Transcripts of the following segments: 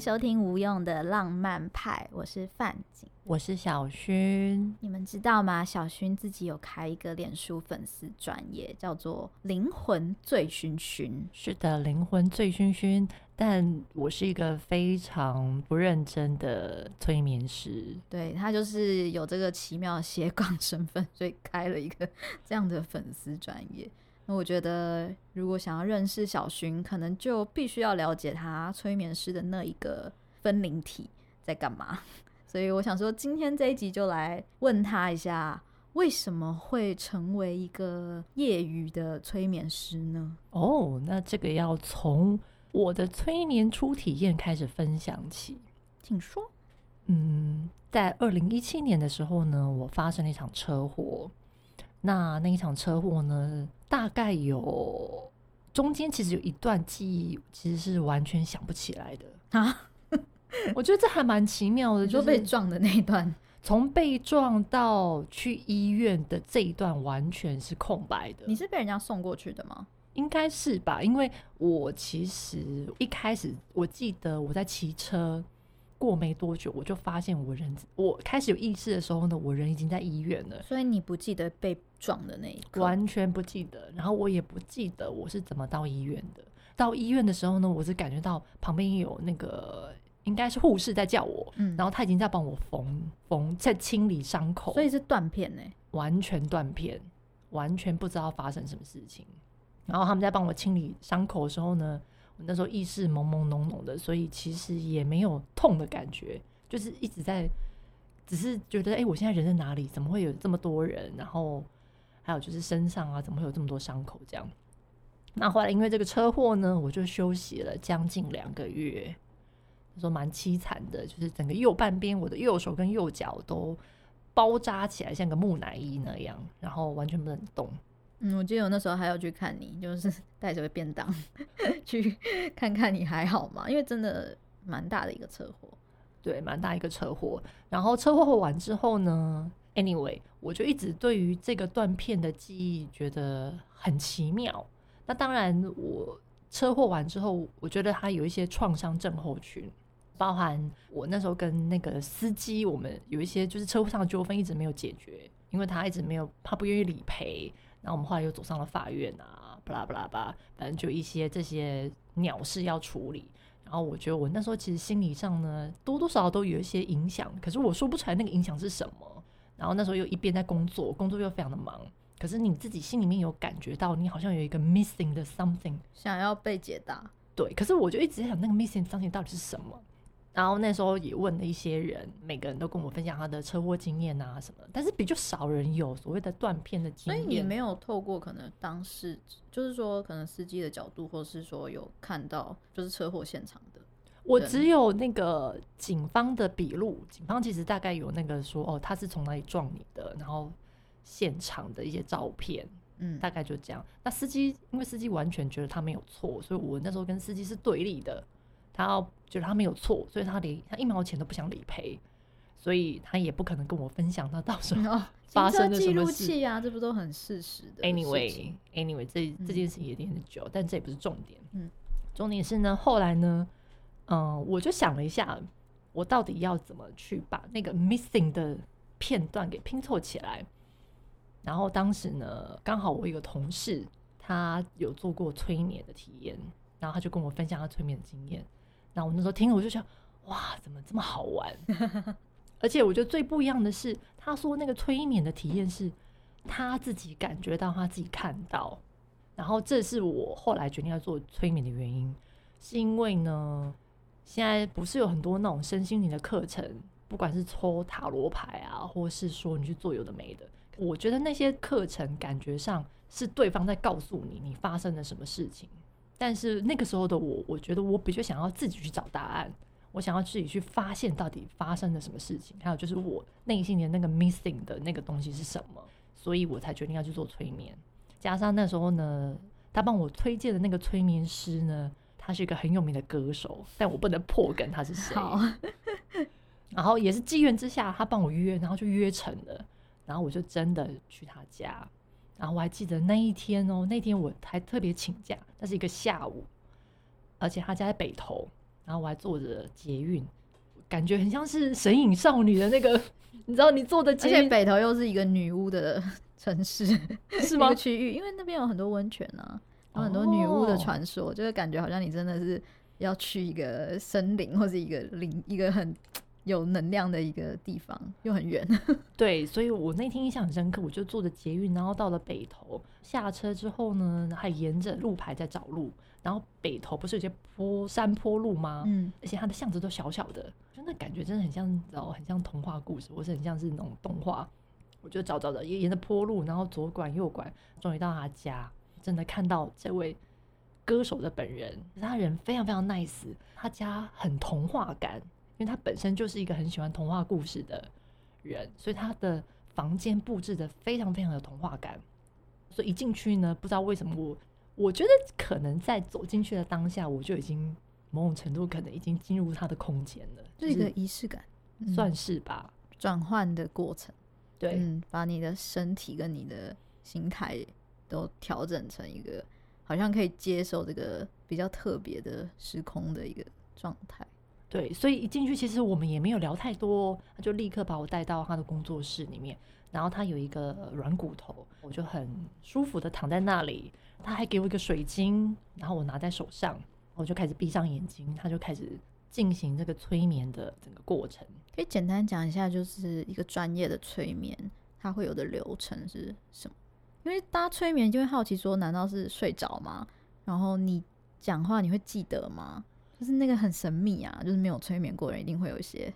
收聽無用的浪漫派，我是范景。我是小薰。你們知道嗎？小薰自己有開一個臉書粉絲專業，叫做“靈魂醉醺薰”。是的，靈魂醉醺薰。但我是一個非常不認真的催眠師。對，他就是有這個奇妙的斜槓身份，所以開了一個這樣的粉絲專業。我覺得，如果想要認識小薰，可能就必須要了解他催眠師的那一個分靈體在幹嘛。所以我想說，今天這一集就來問他一下，為什麼會成為一個業餘的催眠師呢？哦，oh, 那這個要從我的催眠初體驗開始分享起，請說。嗯，在二零一七年的時候呢，我發生了一場車禍。那那一場車禍呢，大概有中間其實有一段記憶，其實是完全想不起來的啊蛤 我覺得這還蠻奇妙的，就被撞的那一段，從被撞到去醫院的這一段完全是空白的。你是被人家送過去的嗎？應該是吧，因為我其實一開始我記得我在騎車。過沒多久，我就發現我人，我開始有意識的時候呢，我人已經在醫院了。所以你不記得被撞的那一刻？完全不記得，然後我也不記得我是怎麼到醫院的。到醫院的時候呢，我是感覺到旁邊有那個應該是護士在叫我，嗯，然後他已經在幫我縫縫，在清理傷口。所以是斷片呢，欸？完全斷片，完全不知道發生什麼事情。然後他們在幫我清理傷口的時候呢？那時候意識朦朦朧朧的，所以其實也沒有痛的感覺，就是一直在，只是覺得哎、欸，我現在人在哪裡？怎麼會有這麼多人？然後還有就是身上啊，怎麼會有這麼多傷口？這樣。那後來因為這個車禍呢，我就休息了將近兩個月，就是、說蠻淒慘的，就是整個右半邊我的右手跟右腳都包扎起來，像個木乃伊那樣，然後完全不能動。嗯，我記得我那時候還要去看你，就是帶着個便當 去看看你還好嗎？因為真的蠻大的一個車禍，對，蠻大一個車禍。然後車禍完之後呢，anyway，我就一直對於這個斷片的記憶覺得很奇妙。那當然，我車禍完之後，我覺得他有一些創傷症候群，包含我那時候跟那個司機，我們有一些就是車禍上的糾紛一直沒有解決，因為他一直沒有，他不願意理賠。然後我們後來又走上了法院啊，巴拉巴拉吧，反正就一些這些鳥事要處理。然後我覺得我那時候其實心理上呢，多多少少都有一些影響，可是我說不出來那個影響是什麼。然後那時候又一邊在工作，工作又非常的忙。可是你自己心裡面有感覺到，你好像有一個 missing 的 something，想要被解答。對，可是我就一直在想，那個 missing something 到底是什麼。然後那時候也問了一些人，每個人都跟我分享他的車禍經驗啊什麼，但是比較少人有所謂的斷片的經驗。所以也沒有透過可能當事，就是說可能司機的角度，或者是說有看到就是車禍現場的。我只有那個警方的筆錄，對警方其實大概有那個說哦，他是從哪裡撞你的，然後現場的一些照片，嗯，大概就這樣。那司機因為司機完全覺得他沒有錯，所以我那時候跟司機是對立的，他要。就是他沒有錯，所以他連他一毛錢都不想理賠，所以他也不可能跟我分享他到時候發生的什麼事啊，啊，這不都很事實的？Anyway，Anyway，事情 anyway, 這這件事情也很久，嗯、但這也不是重點。嗯，重點是呢，後來呢，嗯、呃，我就想了一下，我到底要怎麼去把那個 missing 的片段給拼湊起來？然後當時呢，剛好我一個同事他有做過催眠的體驗，然後他就跟我分享他催眠的經驗。我那時候聽，我就想，哇，怎麼這麼好玩？ 而且我覺得最不一樣的是，他說那個催眠的體驗是他自己感覺到，他自己看到。然後，這是我後來決定要做催眠的原因，是因為呢，現在不是有很多那種身心靈的課程，不管是抽塔羅牌啊，或是說你去做有的沒的，我覺得那些課程感覺上是對方在告訴你你發生了什麼事情。但是那個時候的我，我覺得我比較想要自己去找答案，我想要自己去發現到底發生了什麼事情，還有就是我內心的那個 missing 的那個東西是什麼，所以我才決定要去做催眠。加上那時候呢，他幫我推薦的那個催眠師呢，他是一個很有名的歌手，但我不能破梗他是誰。好 然後也是機緣之下，他幫我約，然後就約成了，然後我就真的去他家。然後我還記得那一天哦，那天我還特別請假，那是一個下午，而且他家在北投，然後我還坐着捷運，感覺很像是神隱少女的那個， 你知道你坐的捷運，而且北投又是一個女巫的城市，是嗎？區域，因為那邊有很多溫泉啊，然後很多女巫的傳說，哦、就是感覺好像你真的是要去一個森林或者一個林一個很。有能量的一個地方，又很遠， 對，所以我那天印象很深刻，我就坐着捷運，然後到了北投，下車之後呢，還沿着路牌在找路，然後北投不是有些坡山坡路嗎？嗯，而且它的巷子都小小的，就那感覺真的很像哦，很像童話故事，或是很像是那種動畫。我就找找找，也沿着坡路，然後左拐右拐，終於到他家，真的看到這位歌手的本人，他人非常非常 nice，他家很童話感。因為他本身就是一個很喜歡童話故事的人，所以他的房間佈置得非常非常有童話感。所以一進去呢，不知道為什麼我，我覺得可能在走進去的當下，我就已經某種程度可能已經進入他的空間了。這是一個儀式感，算是吧？轉換、嗯、的過程，對、嗯，把你的身體跟你的心態都調整成一個好像可以接受這個比較特別的時空的一個狀態。對，所以一進去其實我們也沒有聊太多，他就立刻把我帶到他的工作室裡面，然後他有一個軟骨頭，我就很舒服的躺在那裡，他還給我一個水晶，然後我拿在手上，我就開始閉上眼睛，他就開始進行這個催眠的整個過程。可以簡單講一下，就是一個專業的催眠，他會有的流程是什麼？因為大家催眠就會好奇說，難道是睡着嗎？然後你講話你會記得嗎？就是那個很神秘啊，就是沒有催眠過的人一定會有一些。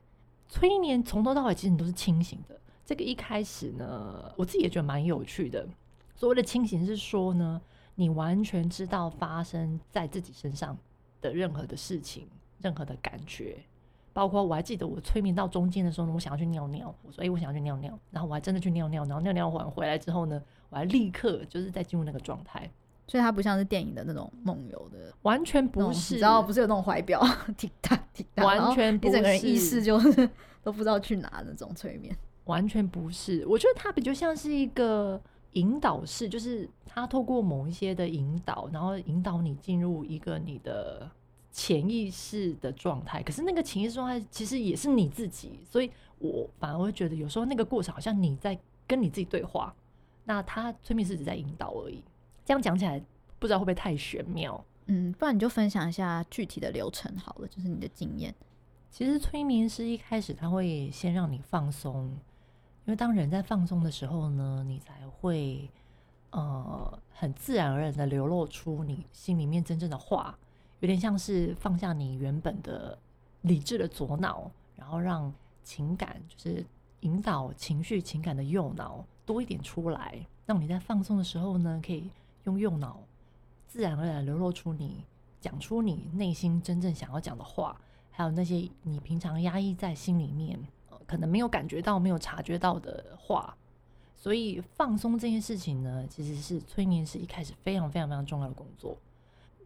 催眠從頭到尾其實你都是清醒的。這個一開始呢，我自己也覺得蠻有趣的。所謂的清醒是說呢，你完全知道發生在自己身上的任何的事情、任何的感覺，包括我還記得我催眠到中間的時候呢，我想要去尿尿，我說誒、欸，我想要去尿尿，然後我還真的去尿尿，然後尿尿完回來之後呢，我還立刻就是在進入那個狀態。所以他不像是電影的那種夢遊的，完全不是。你知道，不是有那種懷錶滴答滴答，滴答滴答完全不是。 踢踢踢整個人意識就是 都不知道去哪那種催眠，完全不是。我覺得他比較像是一個引導式，就是他透過某一些的引導，然後引導你進入一個你的潛意識的狀態。可是那個潛意識狀態其實也是你自己，所以我反而會覺得有時候那個過程好像你在跟你自己對話。那他催眠是只在引導而已。這樣講起來，不知道會不會太玄妙？嗯，不然你就分享一下具體的流程好了，就是你的經驗。其實催眠師一開始他會先讓你放鬆，因為當人在放鬆的時候呢，你才會呃很自然而然的流露出你心裡面真正的話，有點像是放下你原本的理智的左腦，然後讓情感就是引導情緒情感的右腦多一點出來，那你在放鬆的時候呢，可以。用右腦，自然而然流露出你講出你內心真正想要講的話，還有那些你平常壓抑在心裡面，可能沒有感覺到、沒有察覺到的話。所以放鬆這件事情呢，其實是催眠師一開始非常非常非常重要的工作。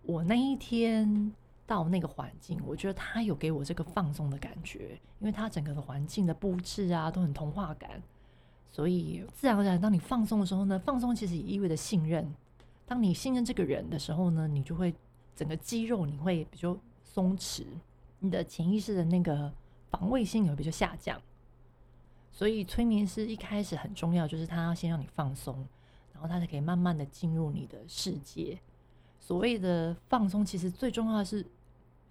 我那一天到那個環境，我覺得他有給我這個放鬆的感覺，因為他整個的環境的布置啊都很童話感，所以自然而然，當你放鬆的時候呢，放鬆其實也意味着信任。當你信任這個人的時候呢，你就會整個肌肉你會比較鬆弛，你的潛意識的那個防衛性也會比較下降。所以催眠師一開始很重要，就是他要先讓你放鬆，然後他才可以慢慢的進入你的世界。所謂的放鬆，其實最重要的是，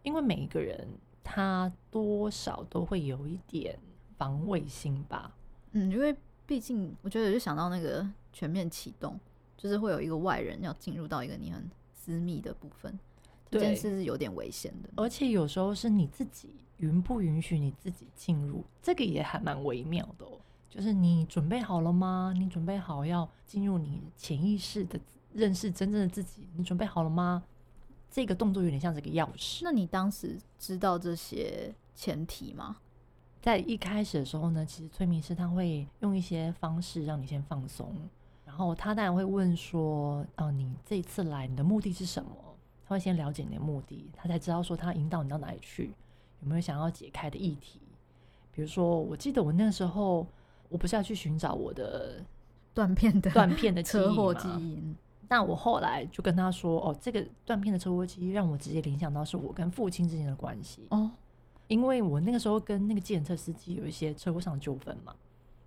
因為每一個人他多少都會有一點防衛心吧。嗯，因為畢竟我覺得我就想到那個全面啟動。就是會有一個外人要進入到一個你很私密的部分，對這件事是有點危險的。而且有時候是你自己允不允許你自己進入，這個也還蠻微妙的哦。就是你準備好了嗎？你準備好要進入你潛意識的認識真正的自己，你準備好了嗎？這個動作有點像這個鑰匙。那你當時知道這些前提嗎？在一開始的時候呢，其實催眠師他會用一些方式讓你先放鬆。然後他當然會問說：“哦，你這一次來，你的目的是什麼？”他會先了解你的目的，他才知道說他引導你到哪裡去，有沒有想要解開的議題。比如說，我記得我那個時候，我不是要去尋找我的斷片的斷片的車禍基因，基因，那我後來就跟他說：“哦，這個斷片的車禍基因讓我直接聯想到是我跟父親之間的關係哦，因為我那個時候跟那個計程車司機有一些車禍上的糾紛嘛。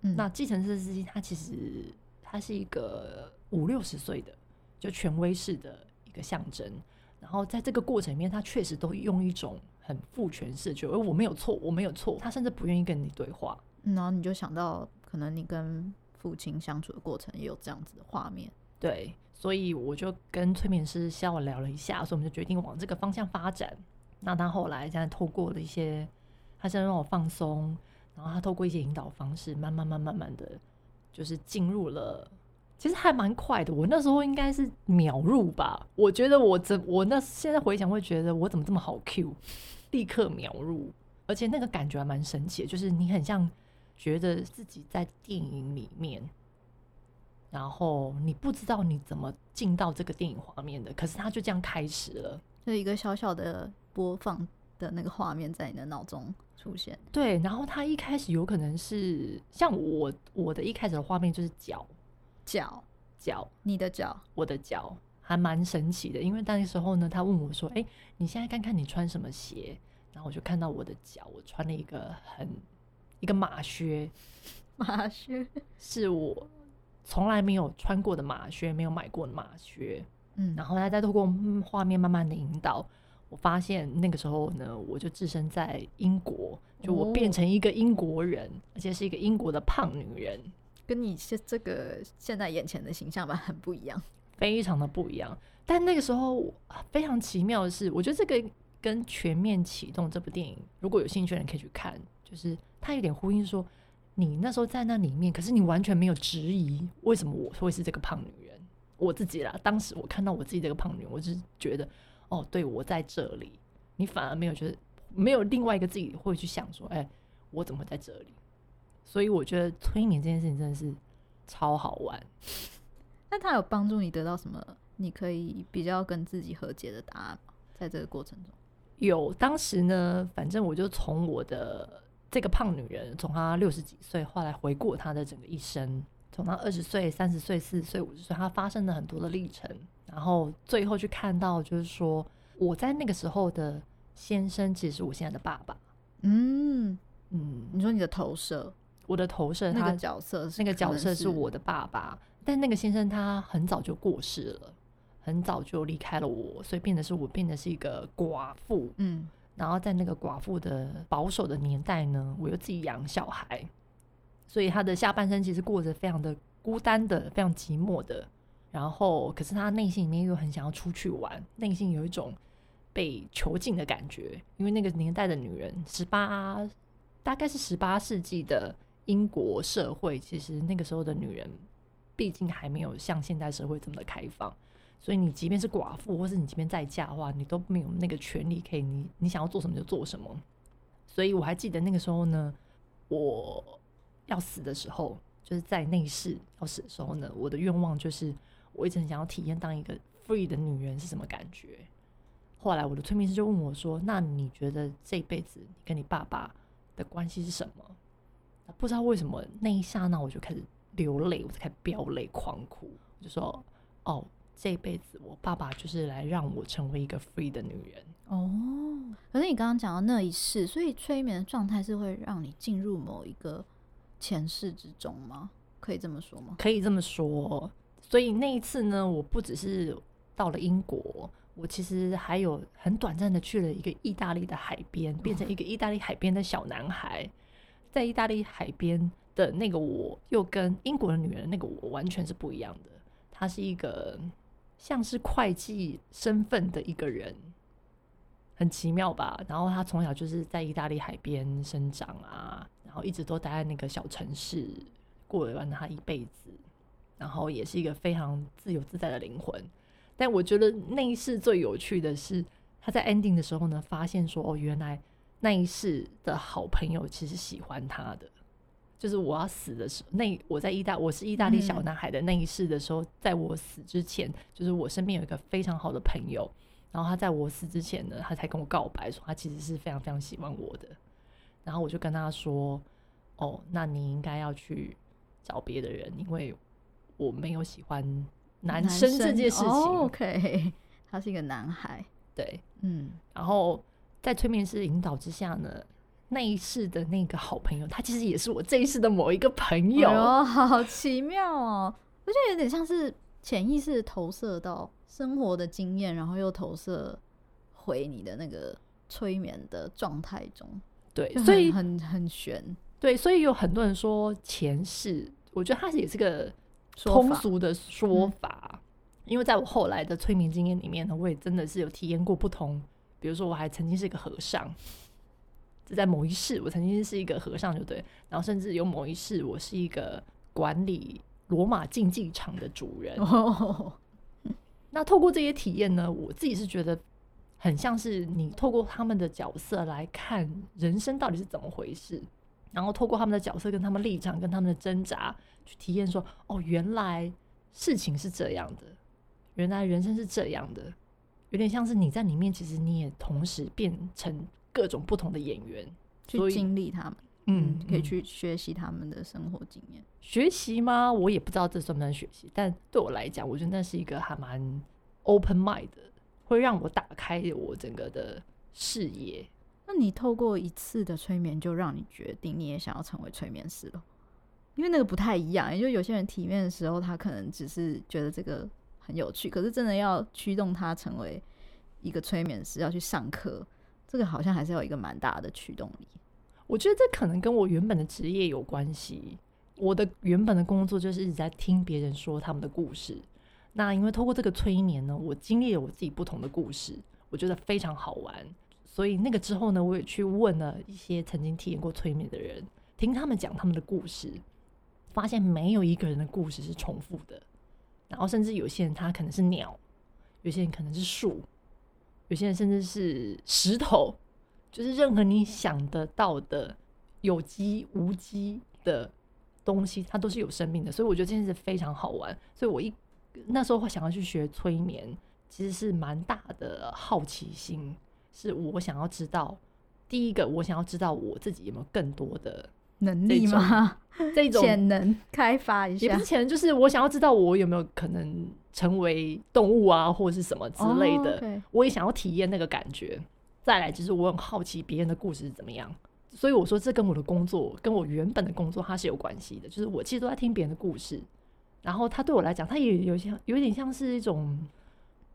嗯，那計程車司機他其實……他是一個五六十歲的，就權威式的一個象徵。然後在這個過程裡面，他確實都用一種很父權式，就“我沒有錯，我沒有錯。”他甚至不願意跟你對話。嗯。然後你就想到，可能你跟父親相處的過程也有這樣子的畫面。對，所以我就跟催眠師稍微聊了一下，所以我們就決定往這個方向發展。那他後來現在透過了一些，他現在讓我放鬆，然後他透過一些引導方式，慢慢、慢、慢慢的。就是進入了，其實還蠻快的。我那時候應該是秒入吧。我覺得我怎我那現在回想，會覺得我怎麼這麼好 Q，立刻秒入，而且那個感覺還蠻神奇的。就是你很像覺得自己在電影裡面，然後你不知道你怎麼進到這個電影畫面的，可是它就這樣開始了。就一個小小的播放的那個畫面在你的腦中出現，對。然後他一開始有可能是像我，我的一開始的畫面就是腳，腳，腳，你的腳，我的腳，還蠻神奇的。因為當那時候呢，他問我說：“欸，你現在看看你穿什麼鞋？”然後我就看到我的腳，我穿了一個很一個馬靴，馬靴是我從來沒有穿過的馬靴，沒有買過的馬靴。嗯，然後他再透過畫面慢慢的引導。我發現那個時候呢，我就置身在英國，就我變成一個英國人，哦、而且是一個英國的胖女人，跟你現這個現在眼前的形象吧，很不一樣，非常的不一樣。但那個時候非常奇妙的是，我覺得這個跟全面啟動這部電影，如果有興趣的人可以去看，就是他有點呼應說，你那時候在那裡面，可是你完全沒有質疑為什麼我會是這個胖女人，我自己啦。當時我看到我自己這個胖女人，我就是覺得。哦，對，我在這裡，你反而沒有覺得沒有另外一個自己會去想說，哎，我怎麼在這裡？所以我覺得催眠這件事情真的是超好玩。那他有幫助你得到什麼？你可以比較跟自己和解的答案嗎？在這個過程中，有。當時呢，反正我就從我的這個胖女人，從她六十幾歲後來回顧她的整個一生，從她二十歲、三十歲、四十歲、五十歲，她發生了很多的歷程。然後最後去看到，就是說，我在那個時候的先生，其實是我現在的爸爸。嗯嗯，嗯，你說你的投射，我的投射，那個角色，那個角色是我的爸爸。但那個先生他很早就過世了，很早就離開了我，所以變得是我變得是一個寡婦。嗯，然後在那個寡婦的保守的年代呢，我又自己養小孩，所以他的下半生其實過着非常的孤單的，非常寂寞的。然後，可是她內心裡面又很想要出去玩，內心有一種被囚禁的感覺。因為那個年代的女人，十八，大概是十八世紀的英國社會，其實那個時候的女人，畢竟還沒有像現代社會這麼的開放。所以你即便是寡婦，或是你即便再嫁的話，你都沒有那個權利可以，你你想要做什麼就做什麼。所以我還記得那個時候呢，我要死的時候，就是在內室要死的時候呢，我的願望就是。我一直很想要體驗當一個 free 的女人是什麼感覺。後來我的催眠師就問我說：“那你覺得這一輩子你跟你爸爸的關係是什麼？”不知道為什麼那一剎那我就開始流淚，我就開始飆淚狂哭。我就說：“哦，這一輩子我爸爸就是來讓我成為一個 free 的女人。”哦，可是你剛剛講到那一世，所以催眠的狀態是會讓你進入某一個前世之中嗎？可以這麼說嗎？可以這麼說。所以那一次呢，我不只是到了英國，我其實還有很短暫的去了一個意大利的海邊，變成一個意大利海邊的小男孩，在意大利海邊的那個我，又跟英國的女人的那個我完全是不一樣的。他是一個像是會計身份的一個人，很奇妙吧？然後他從小就是在意大利海邊生長啊，然後一直都待在那個小城市，過完了他一輩子。然後也是一個非常自由自在的靈魂，但我覺得那一世最有趣的是，他在 ending 的時候呢，發現說哦，原來那一世的好朋友其實喜歡他的。就是我要死的時候，那我在意大我是意大利小男孩的那一世的時候，嗯，在我死之前，就是我身邊有一個非常好的朋友，然後他在我死之前呢，他才跟我告白，說他其實是非常非常喜歡我的。然後我就跟他說，哦，那你應該要去找別的人，因為。我沒有喜歡男生這件事情。哦、OK，他是一個男孩。對，嗯，然後在催眠師引導之下呢，那一世的那個好朋友，他其實也是我這一世的某一個朋友。哦、哎，好奇妙哦！ 我覺得有點像是潛意識投射到生活的經驗，然後又投射回你的那個催眠的狀態中。對，所以很很玄。很對，所以有很多人說前世，我覺得他也是個。嗯通俗的說法，嗯、因為在我後來的催眠經驗裡面呢，我也真的是有體驗過不同。比如說，我還曾經是一個和尚，就在某一世我曾經是一個和尚，就對。然後，甚至有某一世我是一個管理羅馬競技場的主人。哦、那透過這些體驗呢，我自己是覺得很像是你透過他們的角色來看人生到底是怎麼回事。然後透過他們的角色、跟他們立場、跟他們的掙扎，去體驗說：哦，原來事情是這樣的，原來人生是這樣的。有點像是你在裡面，其實你也同時變成各種不同的演員，去經歷他們。所以，嗯，嗯可以去學習他們的生活經驗。學習嗎？我也不知道這算不算學習，但對我來講，我覺得那是一個還蠻 open mind 的，會讓我打開我整個的視野。那你透過一次的催眠就讓你決定你也想要成為催眠師了，因為那個不太一樣。也就有些人體驗的時候，他可能只是覺得這個很有趣，可是真的要驅動他成為一個催眠師，要去上課，這個好像還是有一個蠻大的驅動力。我覺得這可能跟我原本的職業有關係。我的原本的工作就是一直在聽別人說他們的故事，那因為透過這個催眠呢，我經歷了我自己不同的故事，我覺得非常好玩。所以那個之後呢，我也去問了一些曾經體驗過催眠的人，聽他們講他們的故事，發現沒有一個人的故事是重複的。然後甚至有些人他可能是鳥，有些人可能是樹，有些人甚至是石頭，就是任何你想得到的有機無機的東西，它都是有生命的。所以我覺得這件事非常好玩。所以我一那時候會想要去學催眠，其實是蠻大的好奇心。是我想要知道，第一個我想要知道我自己有沒有更多的能力嗎？這種潛能開發一下，也不是潛能，就是我想要知道我有沒有可能成為動物啊，或者是什麼之類的。Oh, okay. 我也想要體驗那個感覺。再來就是我很好奇別人的故事是怎麼樣，所以我說，這跟我的工作，跟我原本的工作它是有關係的。就是我其實都在聽別人的故事，然後他對我來講，他也有像有點像是一種，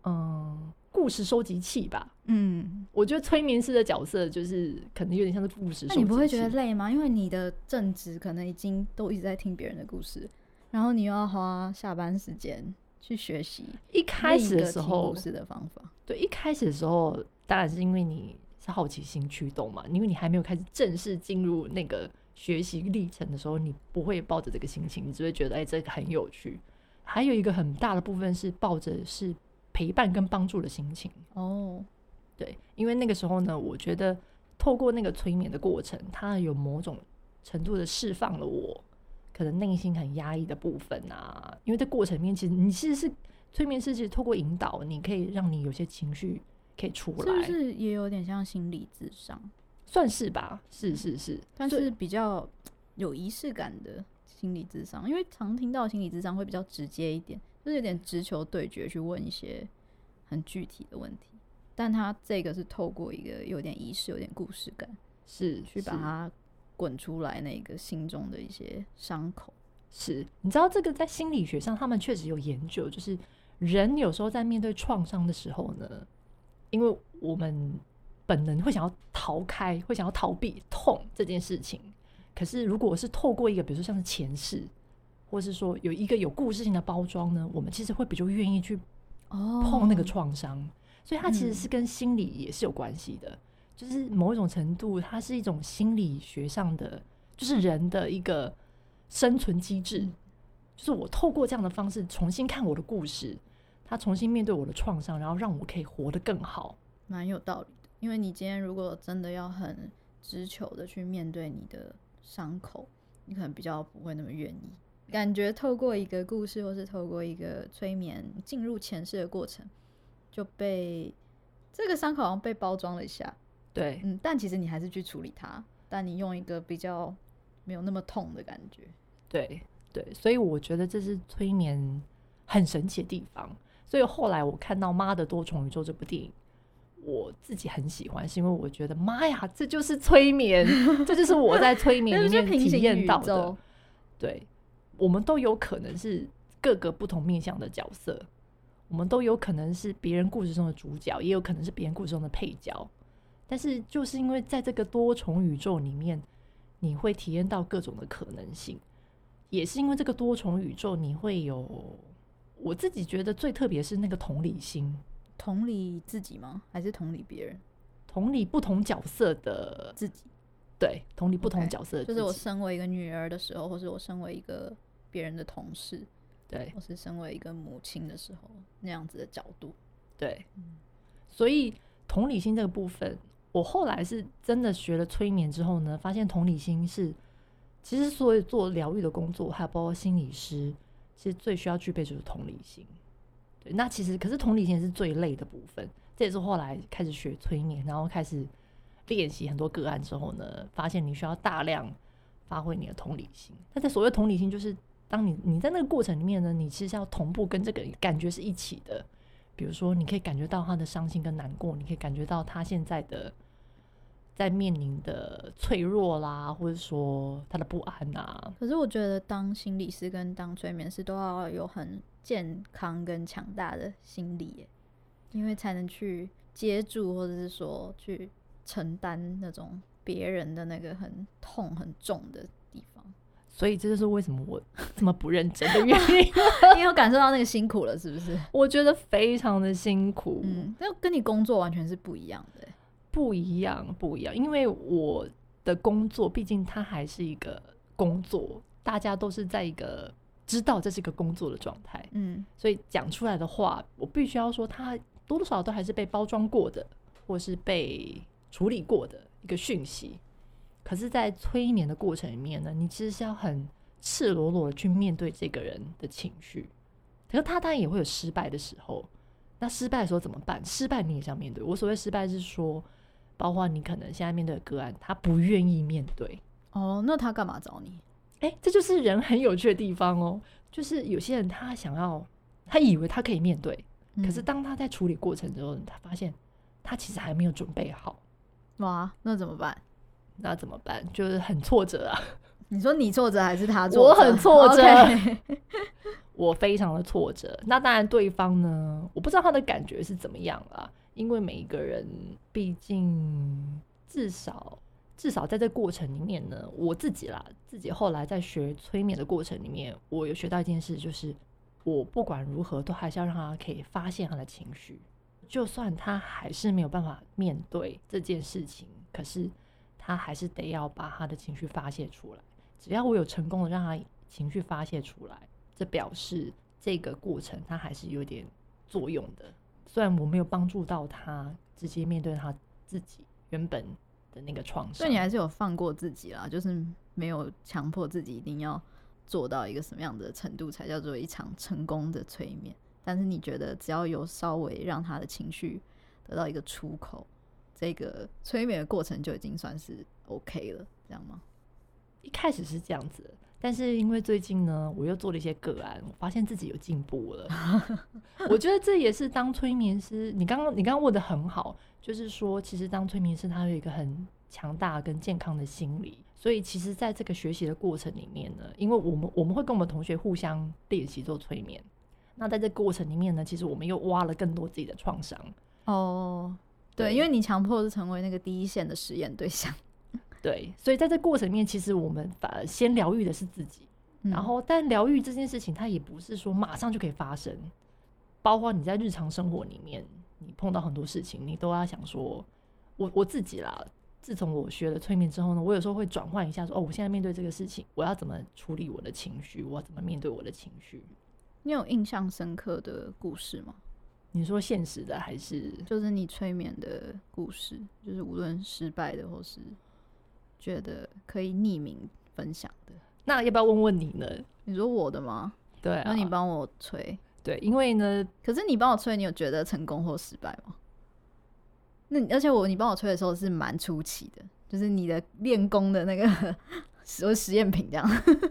嗯。故事收集器吧，嗯，我覺得催眠師的角色就是可能有點像是故事。那你不會覺得累嗎？因為你的正職可能已經都一直在聽別人的故事，然後你又要花下班時間去學習。一開始的時候，故事的方法，對，一開始的時候，當然是因為你是好奇心驅動嘛，因為你還沒有開始正式進入那個學習歷程的時候，你不會抱着這個心情，你只會覺得哎，這個很有趣。還有一個很大的部分是抱着是。陪伴跟幫助的心情哦，oh. 對，因為那個時候呢，我覺得透過那個催眠的過程，它有某種程度的釋放了我可能內心很壓抑的部分吶、啊。因為在過程面，其實你其實是催眠師，是其實透過引導，你可以讓你有些情緒可以出來，是不是也有點像心理諮商？算是吧，是是是，嗯、所以但是比較有儀式感的心理諮商，因為常聽到心理諮商會比較直接一點。就是有點直球對決去問一些很具體的問題，但他這個是透過一個有點儀式、有點故事感，是去把它滾出來那個心中的一些傷口。是，是你知道這個在心理學上他們確實有研究，就是人有時候在面對創傷的時候呢，因為我們本能會想要逃開，會想要逃避痛這件事情。可是如果是透過一個，比如說像是前世。或是說有一個有故事性的包裝呢，我們其實會比較願意去碰那個創傷，oh, 所以它其實是跟心理也是有關係的、嗯。就是某一種程度，它是一種心理學上的，就是人的一個生存機制。嗯、就是我透過這樣的方式重新看我的故事，他重新面對我的創傷，然後讓我可以活得更好，蠻有道理的。因為你今天如果真的要很直球的去面對你的傷口，你可能比較不會那麼願意。感覺透過一個故事，或是透過一個催眠進入前世的過程，就被這個傷口好像被包裝了一下。對，嗯，但其實你還是去處理它，但你用一個比較沒有那麼痛的感覺。對對，所以我覺得這是催眠很神奇的地方。所以後來我看到《媽的多重宇宙》這部電影，我自己很喜歡，是因為我覺得媽呀，這就是催眠， 這就是我在催眠裡面 是體驗到的。對。我們都有可能是各個不同面向的角色，我們都有可能是別人故事中的主角，也有可能是別人故事中的配角。但是就是因為在這個多重宇宙裡面，你會體驗到各種的可能性。也是因為這個多重宇宙，你會有我自己覺得最特別是那個同理心，同理自己嗎？還是同理別人？同理不同角色的自己，對，同理不同角色。就是我身為一個女兒的時候，或是我身為一個。別人的同事，對，或是身為一個母親的時候，那樣子的角度，對，所以同理心這個部分，我後來是真的學了催眠之後呢，發現同理心是其實所有做療癒的工作，還有包括心理師，其實最需要具備的就是同理心。對，那其實可是同理心是最累的部分，這也是後來開始學催眠，然後開始練習很多個案之後呢，發現你需要大量發揮你的同理心。那這所謂同理心就是。當你你在那個過程裡面呢，你其實要同步跟這個感覺是一起的。比如說，你可以感覺到他的傷心跟難過，你可以感覺到他現在的在面臨的脆弱啦，或者說他的不安啊。可是我覺得，當心理師跟當催眠師都要有很健康跟強大的心理，因為才能去接住，或者是說去承擔那種別人的那個很痛、很重的地方。所以這就是為什麼我這麼不認真的原因，你有感受到那個辛苦了是不是？ 我覺得非常的辛苦，嗯，那跟你工作完全是不一樣的，欸，不一樣，不一樣。因為我的工作，畢竟它還是一個工作，大家都是在一個知道這是一個工作的狀態，嗯，所以講出來的話，我必須要說，它多多少少都還是被包裝過的，或是被處理過的一個訊息。可是，在催眠的過程裡面呢，你其實是要很赤裸裸的去面對這個人的情緒。可是他當然也會有失敗的時候，那失敗的時候怎麼辦？失敗你也要面對。我所謂失敗是說，包括你可能現在面對的個案，他不願意面對。哦，那他幹嘛找你？哎、欸，這就是人很有趣的地方哦。就是有些人他想要，他以為他可以面對，嗯、可是當他在處理過程中，他發現他其實還沒有準備好。哇，那怎麼辦？那怎麼辦？就是很挫折啊！你說你挫折還是他挫折？我很挫折，Okay 我非常的挫折。那當然，對方呢，我不知道他的感覺是怎麼樣啦，因為每一個人畢竟至少至少在這過程裡面呢，我自己啦，自己後來在學催眠的過程裡面，我有學到一件事，就是我不管如何，都還是要讓他可以發現他的情緒，就算他還是沒有辦法面對這件事情，可是。他還是得要把他的情緒發洩出來。只要我有成功的讓他情緒發洩出來，這表示這個過程他還是有點作用的。雖然我沒有幫助到他直接面對他自己原本的那個創傷，所以你還是有放過自己啦，就是沒有強迫自己一定要做到一個什麼樣的程度才叫做一場成功的催眠。但是你覺得只要有稍微讓他的情緒得到一個出口。這個催眠的過程就已經算是 OK 了，這樣嗎？一開始是這樣子，但是因為最近呢，我又做了一些個案，我發現自己有進步了。 我覺得這也是當催眠師，你剛剛你剛剛問得很好，就是說，其實當催眠師，他有一個很強大跟健康的心理，所以其實，在這個學習的過程裡面呢，因為我們我們會跟我們同學互相練習做催眠，那在這個過程裡面呢，其實我們又挖了更多自己的創傷。哦。Oh. 對，因為你強迫是成為那個第一線的實驗對象，對，所以在這過程裡面，其實我們反而先療癒的是自己。嗯。然後，但療癒這件事情，它也不是說馬上就可以發生。包括你在日常生活裡面，你碰到很多事情，你都要想說，我我自己啦。自從我學了催眠之後呢，我有時候會轉換一下說，哦，我現在面對這個事情，我要怎麼處理我的情緒？我要怎麼面對我的情緒？你有印象深刻的故事嗎？你說現實的還是？就是你催眠的故事，就是無論失敗的或是覺得可以匿名分享的，那要不要問問你呢？你說我的嗎？對、啊，那你幫我催。對，因為呢，可是你幫我催，你有覺得成功或失敗嗎？那而且我，你幫我催的時候是蠻初期的，就是你的練功的那個 實實驗品這樣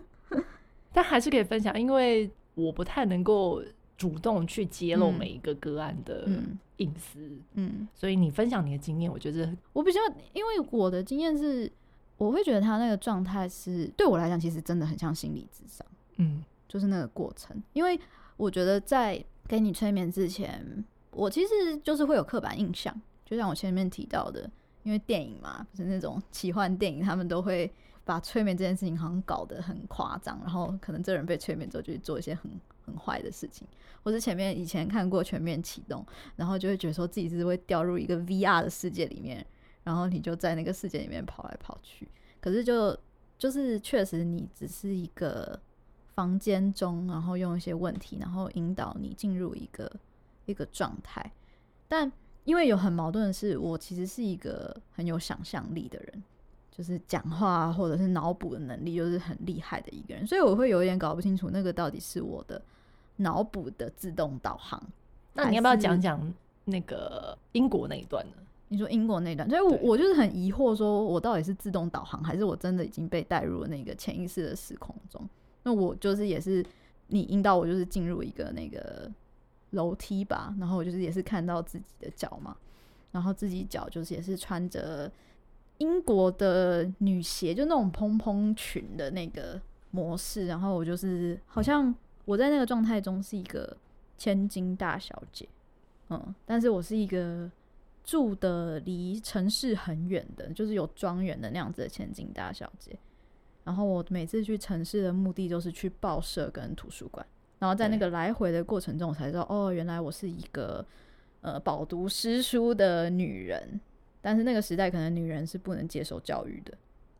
，但還是可以分享，因為我不太能夠。主動去揭露每一個個案的隱私，嗯，嗯，嗯，所以你分享你的經驗，我覺得我比較，因為我的經驗是，我會覺得他那個狀態是對我來講，其實真的很像心理智商。嗯，就是那個過程。因為我覺得在給你催眠之前，我其實就是會有刻板印象，就像我前面提到的，因為電影嘛，不、就是那種奇幻電影，他們都會把催眠這件事情好像搞得很誇張，然後可能這人被催眠之後就去做一些很。很壞的事情，或是前面以前看過《全面啟動》，然後就會覺得說自己是會掉入一個 VR 的世界裡面，然後你就在那個世界裡面跑來跑去。可是就就是確實你只是一個房間中，然後用一些問題，然後引導你進入一個一個狀態。但因為有很矛盾的是，我其實是一個很有想象力的人。就是講話或者是腦補的能力，就是很厲害的一個人，所以我會有一點搞不清楚那個到底是我的腦補的自動導航。那你要不要講講那個英國那一段呢？你說英國那一段，所以我對我就是很疑惑，說我到底是自動導航，還是我真的已經被帶入了那個潛意識的時空中？那我就是也是你引導我，就是進入一個那個樓梯吧，然後我就是也是看到自己的腳嘛，然後自己腳就是也是穿着。英國的女鞋，就那種蓬蓬裙的那個模式，然後我就是好像我在那個狀態中是一個千金大小姐，嗯，但是我是一個住的離城市很遠的，就是有莊園的那樣子的千金大小姐。然後我每次去城市的目的就是去報社跟圖書館，然後在那個來回的過程中，我才知道對哦，原來我是一個呃飽讀詩書的女人。但是那個時代可能女人是不能接受教育的，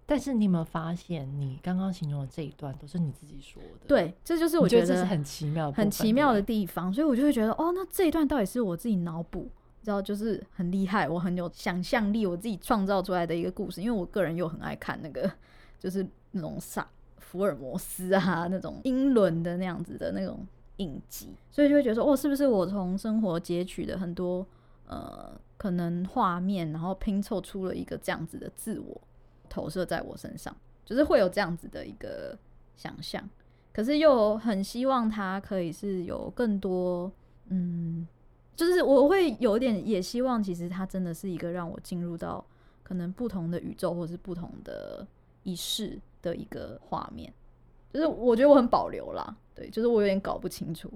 但是你有沒有發現，你剛剛形容的這一段都是你自己說的？對，這就是我覺得很奇妙、很奇妙的地方，嗯、所以我就會覺得，哦，那這一段到底是我自己腦補，你知道，就是很厲害，我很有想象力，我自己創造出來的一個故事。因為我個人又很愛看那個就是那種傻福爾摩斯啊那種英倫的那樣子的那種影集，所以就會覺得說，哦，是不是我從生活截取的很多？呃，可能畫面，然後拼湊出了一個這樣子的自我投射在我身上，就是會有這樣子的一個想象。可是又很希望它可以是有更多，嗯，就是我會有點也希望，其實它真的是一個讓我進入到可能不同的宇宙或是不同的儀式的一個畫面。就是我覺得我很保留啦，對，就是我有點搞不清楚。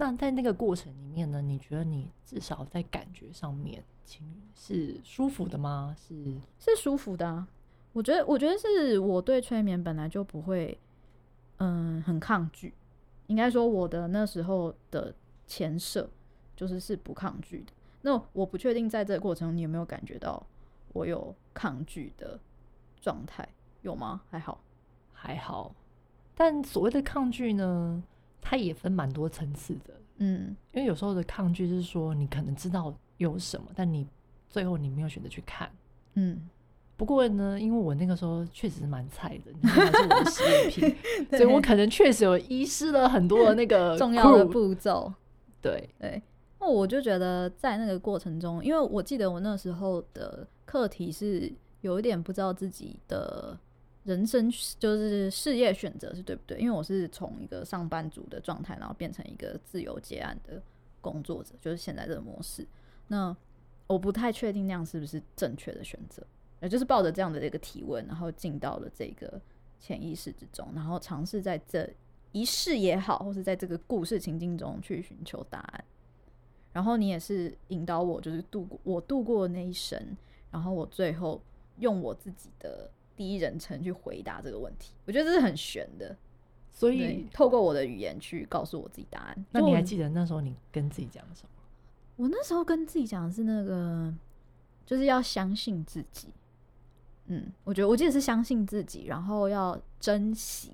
那在那個過程裡面呢？你覺得你至少在感覺上面，是舒服的嗎？是，是舒服的啊。我覺得，我覺得是我對催眠本來就不會，嗯，很抗拒。應該說，我的那時候的前設就是是不抗拒的。那我不確定在這個過程中，你有沒有感覺到我有抗拒的狀態？有嗎？還好，還好。但所謂的抗拒呢？它也分蠻多層次的，嗯，因為有時候的抗拒是說，你可能知道有什麼，但你最後你沒有選擇去看，嗯。不過呢，因為我那個時候確實是蠻菜的，你看是我的實驗品， 嘿所以我可能確實有遺失了很多的那個重要的步驟。對對，那我就覺得在那個過程中，因為我記得我那時候的課題是有一點不知道自己的。人生就是事業選擇是對不對？因為我是從一個上班族的狀態，然後變成一個自由接案的工作者，就是現在這個模式。那我不太確定那樣是不是正確的選擇，也就是抱着這樣的這個提問，然後進到了這個潛意識之中，然後嘗試在這一世也好，或是在這個故事情境中去尋求答案。然後你也是引導我，就是度過我度過的那一生，然後我最後用我自己的。第一人稱去回答這個問題，我覺得這是很玄的。所以透過我的語言去告訴我自己答案。那你還記得那時候你跟自己講什麼？我那時候跟自己講的是那個，就是要相信自己。嗯，我覺得我記得是相信自己，然後要珍惜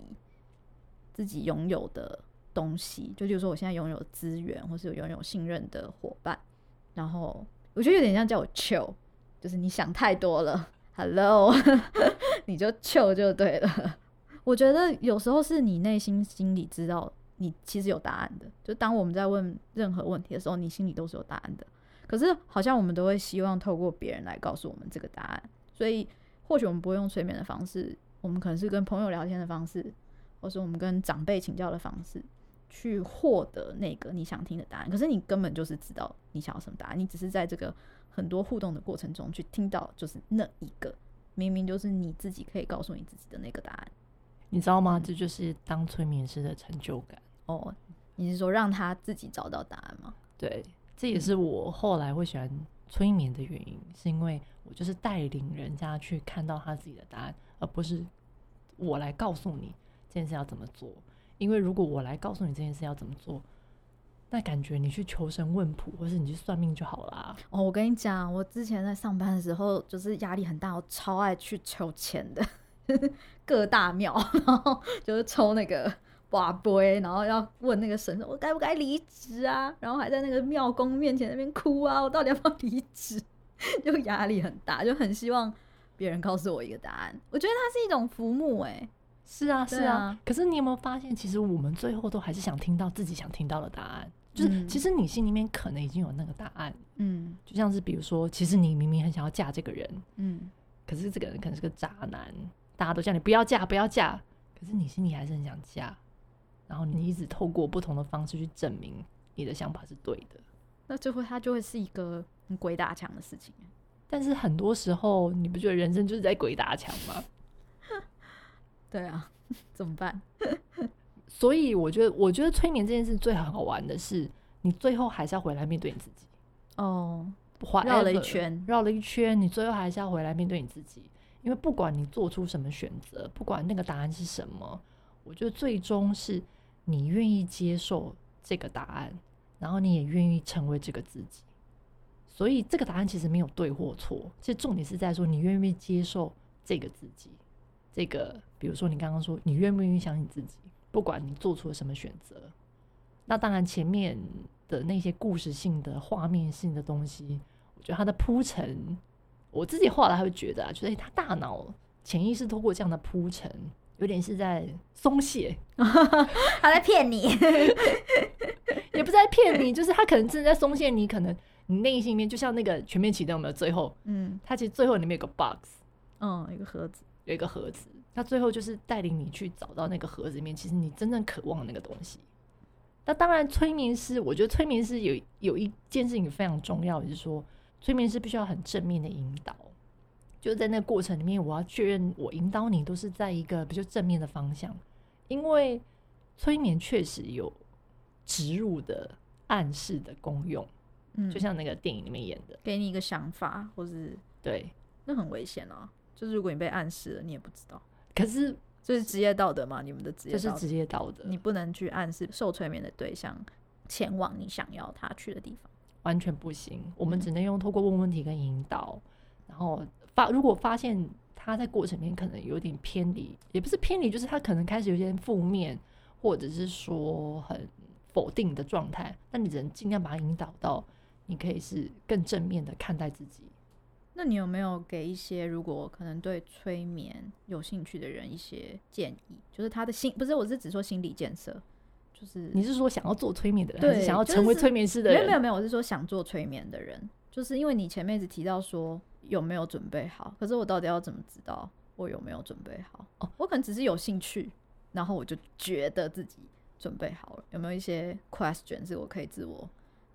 自己擁有的東西。就比如說我現在擁有資源，或是擁有信任的夥伴。然後我覺得有點像叫我 chill，就是你想太多了。Hello。 你就就就對了。 我覺得有時候是你內心心裡知道你其實有答案的。就當我們在問任何問題的時候，你心裡都是有答案的。可是好像我們都會希望透過別人來告訴我們這個答案。所以或許我們不會用催眠的方式，我們可能是跟朋友聊天的方式，或是我們跟長輩請教的方式，去獲得那個你想聽的答案。可是你根本就是知道你想要什麼答案，你只是在這個很多互動的過程中去聽到就是那一個。明明就是你自己可以告訴你自己的那個答案，你知道嗎？嗯、這就是當催眠師的成就感哦。你是說讓他自己找到答案嗎？對，這也是我後來會喜歡催眠的原因，嗯、是因為我就是帶領人家去看到他自己的答案，而不是我來告訴你這件事要怎麼做。因為如果我來告訴你這件事要怎麼做，那感覺你去求神問卜，或是你去算命就好啦。哦，我跟你講，我之前在上班的時候，就是壓力很大，我超愛去求籤的 各大廟，然後就是抽那個筊杯，然後要問那個神，我該不該離職啊？然後還在那個廟公面前那邊哭啊，我到底要不要離職？ 就壓力很大，就很希望別人告訴我一個答案。我覺得它是一種服務、欸。哎，是啊，是啊。啊可是你有沒有發現，其實我們最後都還是想聽到自己想聽到的答案。就是，其實你心裡面可能已經有那個答案，嗯，就像是比如說，其實你明明很想要嫁這個人，嗯，可是這個人可能是個渣男，大家都叫你不要嫁，不要嫁，可是你心裡還是很想嫁，然後你一直透過不同的方式去證明你的想法是對的，那最後他就會是一個很鬼打牆的事情。但是很多時候，你不覺得人生就是在鬼打牆嗎？ 對啊，怎麼辦？ 所以我覺得，我覺得催眠這件事最好玩的是，你最後還是要回來面對你自己。哦、嗯，繞了，繞了一圈，繞了一圈，你最後還是要回來面對你自己。因為不管你做出什麼選擇，不管那個答案是什麼，我覺得最終是你願意接受這個答案，然後你也願意成為這個自己。所以這個答案其實沒有對或錯，這重點是在說你願不願意接受這個自己。這個，比如說你剛剛說，你願不願意相信自己？不管你做出了什麼選擇，那當然前面的那些故事性的、的畫面性的東西，我覺得它的鋪陳，我自己後來還會覺得、啊、覺得他大腦潛意識通過這樣的鋪陳，有點是在鬆懈， 他在騙騙你， 也不是在騙你，就是他可能真的在鬆懈你。你可能你內心裡面，就像那個全面啟動的最後，嗯，他其實最後裡面有個 box，嗯，一個盒子，有一個盒子。他最後就是帶領你去找到那個盒子裡面，其實你真正渴望的那個東西。那當然，催眠師我覺得催眠師有，有一件事情非常重要，就是說催眠師必須要很正面的引導，就是在那個過程裡面，我要確認我引導你都是在一個比較正面的方向，因為催眠確實有植入的暗示的功用，嗯，就像那個電影裡面演的，給你一個想法，或是，對。那很危險哦，就是如果你被暗示了，你也不知道。可是，這是職業道德嘛？你們的職業這是職業道德，你不能去暗示受催眠的對象前往你想要他去的地方，完全不行。我們只能用透過問問題跟引導。嗯、然後發如果發現他在過程中可能有點偏離，也不是偏離，就是他可能開始有些負面，或者是說很否定的狀態，那你只能盡量把他引導到，你可以是更正面的看待自己。那你有沒有給一些如果可能對催眠有興趣的人一些建議？就是他的心不是，我是只說心理建設，就是你是說想要做催眠的人，對還是想要成為催眠師的人、就是？沒有沒有沒有，我是說想做催眠的人，就是因為你前面只提到說有沒有準備好，可是我到底要怎麼知道我有沒有準備好？哦，oh. 我可能只是有興趣，然後我就覺得自己準備好了，有沒有一些 question 是我可以自我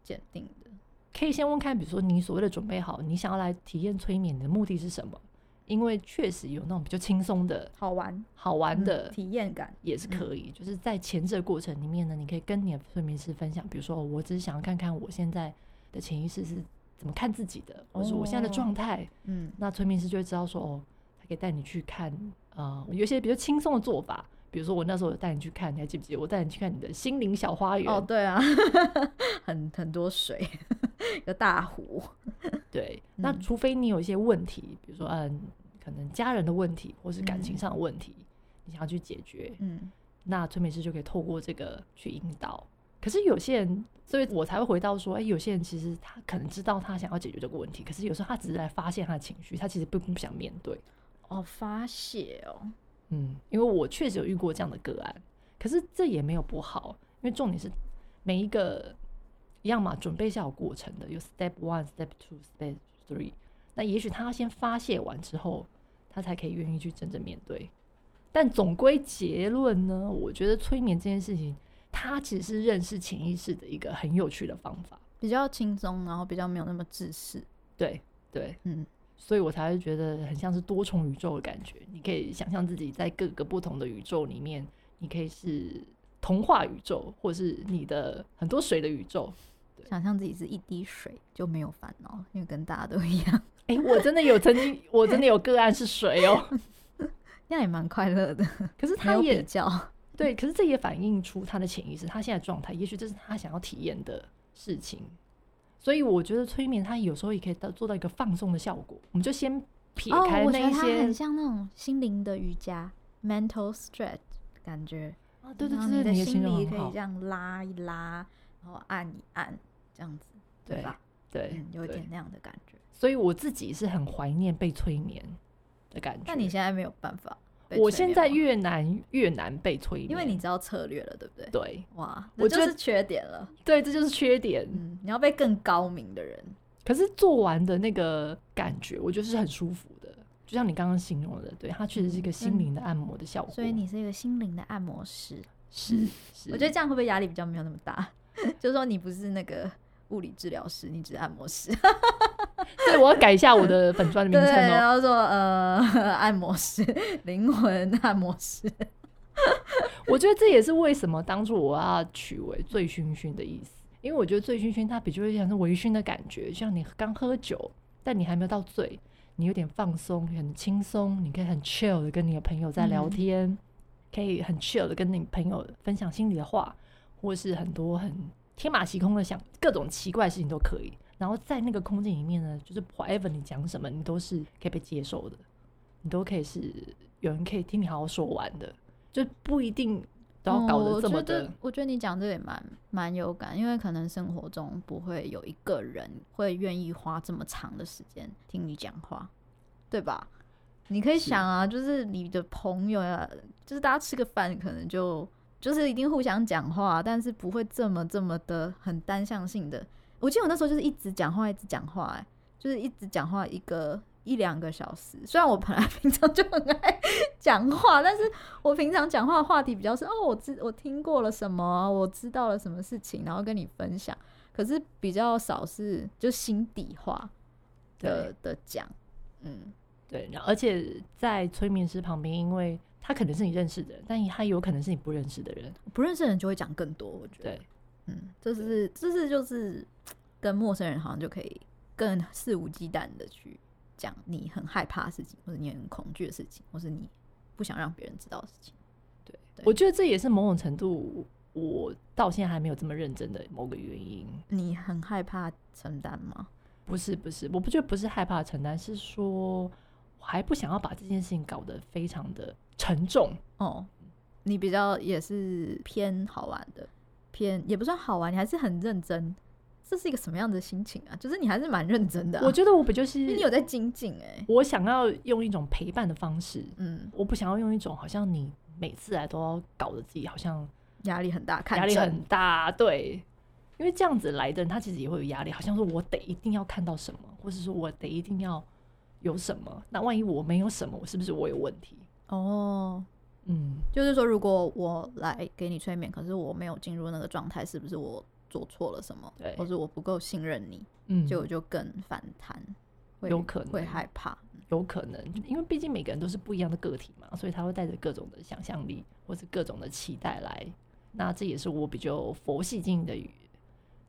鑑定的？可以先問看，比如說你所謂的準備好，你想要來體驗催眠的目的是什麼？因為確實有那種比較輕鬆的好玩、好玩的、嗯、體驗感也是可以。嗯、就是在前置的過程裡面呢，你可以跟你的催眠師分享，比如說我只是想要看看我現在的潛意識是怎麼看自己的，嗯、或者說我現在的狀態。嗯、哦，那催眠師就會知道說哦，他可以帶你去看啊、嗯呃，有些比較輕鬆的做法，比如說我那時候有帶你去看，你還記不記得我帶你去看你的心靈小花園？哦，對啊， 很很多水。 一個大湖，對。 嗯、那除非你有一些問題，比如說嗯，可能家人的問題，或是感情上的問題，嗯、你想要去解決，嗯，那催眠師就可以透過這個去引導。可是有些人，所以我才會回到說，哎、欸，有些人其實他可能知道他想要解決這個問題，可是有時候他只是在發洩他的情緒，嗯、他其實並不想面對。哦，發洩哦，嗯，因為我確實有遇過這樣的個案，可是這也沒有不好，因為重點是每一個。一樣嘛，準備是有過程的，有 step one, step two, step three。那也許他要先發洩完之後，他才可以願意去真正面對。但總歸結論呢，我覺得催眠這件事情，它只是認識潛意識的一個很有趣的方法，比較輕鬆，然後比較沒有那麼自私。對對，嗯，所以我才會覺得很像是多重宇宙的感覺。你可以想象自己在各個不同的宇宙裡面，你可以是。童話宇宙，或者是你的很多水的宇宙，想象自己是一滴水就沒有煩惱，因為跟大家都一樣。哎、欸，我真的有曾經， 我真的有個案是水哦、喔，那 也蠻快樂的。可是他也沒有比較，對，可是這也反映出他的潛意識，他現在狀態， 也許這是他想要體驗的事情。所以我覺得催眠，他有時候也可以到做到一個放鬆的效果。我們就先撇開那些，哦、我覺得他很像那種心靈的瑜伽 ，mental stretch 感覺。啊、對對對，你的心理可以這樣拉一拉，然後按一按，這樣子，對吧？對，對，對，嗯、有點那樣的感覺。所以我自己是很懷念被催眠的感覺。那你現在沒有辦法，我現在越難越難被催眠，因為你知道策略了，對不對？對，哇，我就是缺點了。對，這就是缺點。嗯，你要被更高明的人。可是做完的那個感覺，我覺得是很舒服。嗯就像你剛剛形容的，對，它確實是一個心靈的按摩的效果，嗯。所以你是一個心靈的按摩師，是是。我覺得這樣會不會壓力比較沒有那麼大？ 就是說你不是那個物理治療師，你只是按摩師。 所以我要改一下我的粉專的名稱哦，喔，要做呃按摩師，靈魂按摩師。 我覺得這也是為什麼當初我要取為“醉醺醺”的意思，因為我覺得“醉醺醺”它比較像是微醺的感覺，像你剛喝酒，但你還沒有到醉。你有點放鬆，很輕鬆，你可以很 chill 的跟你的朋友在聊天，嗯、可以很 chill 的跟你朋友分享心裡的話，或是很多很天馬行空的想各種奇怪的事情都可以。然後在那個空間裡面呢，就是 whatever 你講什麼，你都是可以被接受的，你都可以是有人可以聽你好好說完的，就不一定。然後搞得這麼的。哦，我覺得，我覺得你講這也蠻蠻有感，因為可能生活中不會有一個人會願意花這麼長的時間聽你講話，對吧？是你可以想啊，就是你的朋友呀，啊，就是大家吃個飯，可能就就是一定互相講話，但是不會這麼這麼的很單向性的。我記得我那時候就是一直講話，一直講話，誒，就是一直講話一個一兩個小時，雖然我本來平常就很愛講話，但是我平常講話的話題比較是哦，我知我聽過了什麼，我知道了什麼事情，然後跟你分享。可是比較少是就心底話的對的講，嗯，對。然後而且在催眠師旁邊，因為他可能是你認識的人，但他有可能是你不認識的人，不認識的人就會講更多。我覺得，對嗯，就是就是就是跟陌生人好像就可以更肆無忌憚的去。講你很害怕的事情，或者你很恐懼的事情，或是你不想讓別人知道的事情。對，我覺得這也是某種程度我到現在還沒有這麼認真的某個原因。你很害怕承擔嗎？不是，不是，我不覺得不是害怕承擔，是說我還不想要把這件事情搞得非常的沉重。哦，你比較也是偏好玩的，偏也不算好玩，你還是很認真。這是一個什麼樣的心情啊？就是你還是蠻認真的、啊。我覺得我不就是你有在精進哎、欸。我想要用一種陪伴的方式，嗯，我不想要用一種好像你每次來都要搞得自己好像壓力很大看，看壓力很大，對。因為這樣子來的人，他其實也會有壓力，好像說我得一定要看到什麼，或是說我得一定要有什麼。那萬一我沒有什麼，我是不是我有問題？哦，嗯，就是說，如果我來給你催眠，可是我沒有進入那個狀態，是不是我？做錯了什麼？對或者我不夠信任你，嗯，就我就更反彈，有可能會害怕，有可能，因為畢竟每個人都是不一樣的個體嘛，對所以他會帶着各種的想象力，或是各種的期待來。那這也是我比較佛系進的語的原因。